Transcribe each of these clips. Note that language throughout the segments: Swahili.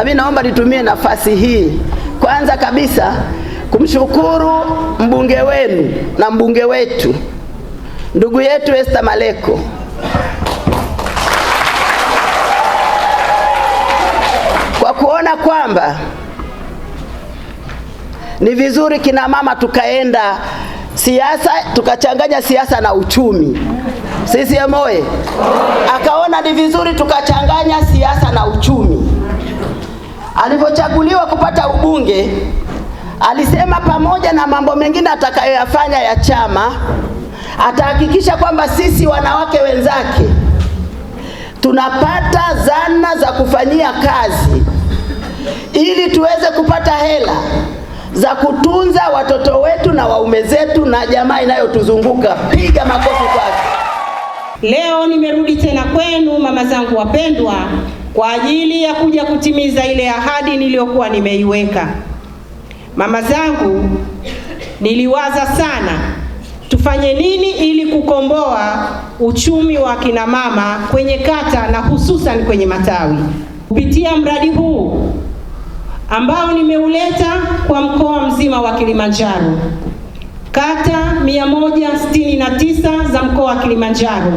na mimi naomba nitumie nafasi hii kwanza kabisa kumshukuru mbunge wenu na mbunge wetu ndugu yetu Esther Maleko kwa kuona kwamba ni vizuri kina mama tukaenda siasa tukachanganya siasa na uchumi. CCM oye! Akaona ni vizuri tukachanganya siasa na uchumi. Alivyochaguliwa kupata ubunge, alisema pamoja na mambo mengine atakayoyafanya ya chama, atahakikisha kwamba sisi wanawake wenzake tunapata zana za kufanyia kazi ili tuweze kupata hela za kutunza watoto wetu na waume zetu na jamaa inayotuzunguka. Piga makofi kwake. Leo nimerudi tena kwenu mama zangu wapendwa kwa ajili ya kuja kutimiza ile ahadi niliyokuwa nimeiweka. Mama zangu, niliwaza sana tufanye nini ili kukomboa uchumi wa kina mama kwenye kata na hususan kwenye matawi. Kupitia mradi huu ambao nimeuleta kwa mkoa mzima wa Kilimanjaro, kata 169 za mkoa wa Kilimanjaro,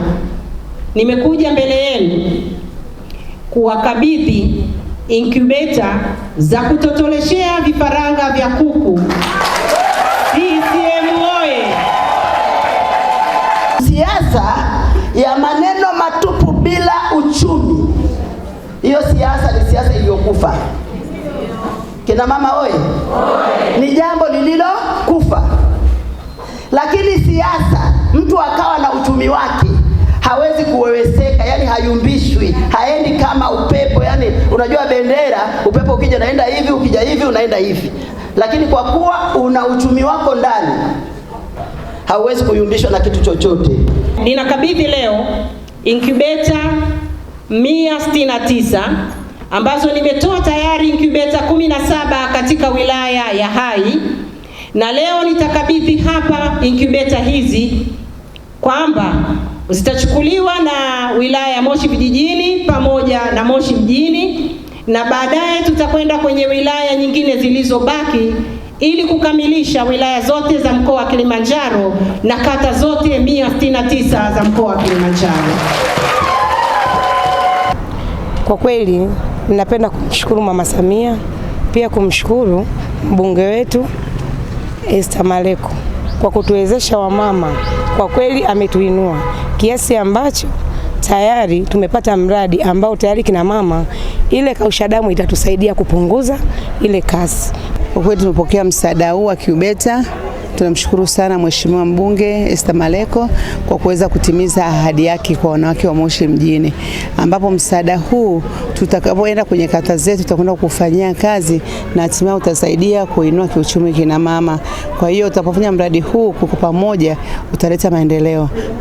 nimekuja mbele yenu kuwakabidhi incubator za kutotoleshea vifaranga vya kuku. CCM oye! Siasa ya maneno matupu bila uchumi, hiyo siasa ni siasa iliyokufa. Kina mama oye, Ni jambo lililokufa, lakini siasa mtu akawa na uchumi wake hawezi kuweweza hayumbishwi, haendi kama upepo. Yani unajua bendera, upepo ukija unaenda hivi, ukija hivi unaenda hivi, lakini kwa kuwa una uchumi wako ndani, hauwezi kuyumbishwa na kitu chochote. Ninakabidhi leo inkubeta 169 ambazo nimetoa tayari inkubeta 17 katika wilaya ya Hai, na leo nitakabidhi hapa incubator hizi kwamba zitachukuliwa na wilaya ya Moshi vijijini pamoja na Moshi mjini na baadaye tutakwenda kwenye wilaya nyingine zilizobaki ili kukamilisha wilaya zote za mkoa wa Kilimanjaro na kata zote 169 za mkoa wa Kilimanjaro. Kwa kweli ninapenda kumshukuru Mama Samia, pia kumshukuru mbunge wetu Esther Maleko kwa kutuwezesha wamama, kwa kweli ametuinua kiasi ambacho tayari tumepata mradi ambao tayari kina mama, ile kausha damu itatusaidia kupunguza ile kasi. Kwa kweli tumepokea msaada huu wa kiubeta Tunamshukuru sana Mheshimiwa mbunge Esther Maleko kwa kuweza kutimiza ahadi yake kwa wanawake wa Moshi mjini, ambapo msaada huu tutakapoenda kwenye kata zetu tutakwenda kufanyia kazi na hatimaye utasaidia kuinua kiuchumi kina mama. Kwa hiyo utapofanya mradi huu kwa pamoja utaleta maendeleo.